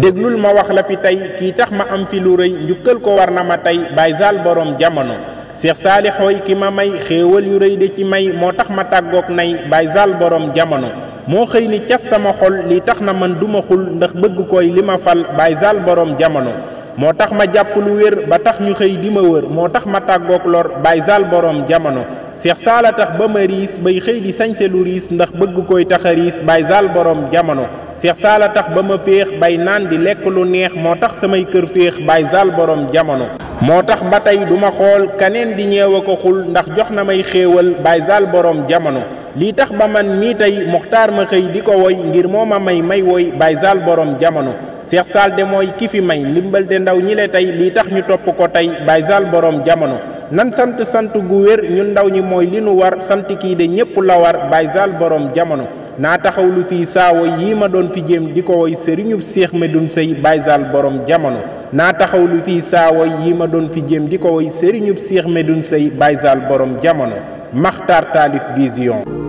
déglul ma wax la fi tey kii tax ma am fi lu rëy njukkal ko war na ma tey bay zaal borom jamono seex saalixooy ki ma may xéewal yu rëy de ci may moo tax ma tàggoog nay bay zaal boroom jamono moo xëy ni cas sama xol li tax na man duma xul ndax bëgg koy li ma fal baay zaal boroom jamono moo tax ma jàpp lu wér ba tax ñu xëy di ma wër moo tax ma tàggoog lor baay zaal boroom jamono seex saala tax ba ma riis bay xëy di sañse lu riis ndax bëgg koy tax a riis baay zaal boroom jamono seex saala tax ba ma féex bay naan di lekk lu neex moo tax samay kër féex baay zaal boroom jamono moo tax ba tey duma xool kaneen di ñeew a ko xul ndax jox na may xéewal baay zaal jamono lii tax ba man mii tey muxtaar ma xëy di ko woy ngir moo ma may may woy bay sal borom jamono seex saal de mooy kii fi may ndimbal de ndaw ñi le tey lii tax ñu topp ko tey bay sal borom jamono nan sant sant gu wér ñun ndaw ñi mooy li nu war sant kii de ñépp la war bay sal borom jamono naa taxaw lu fii saawo yii ma doon fi jéem di ko woy sëriñub seex medun sëy bay sal borom jamono naa taxaw lu fii saawo yii ma doon fi jéem di ko woy sëriñub seex medun sëy bay sal borom jamono Maxtar Taalif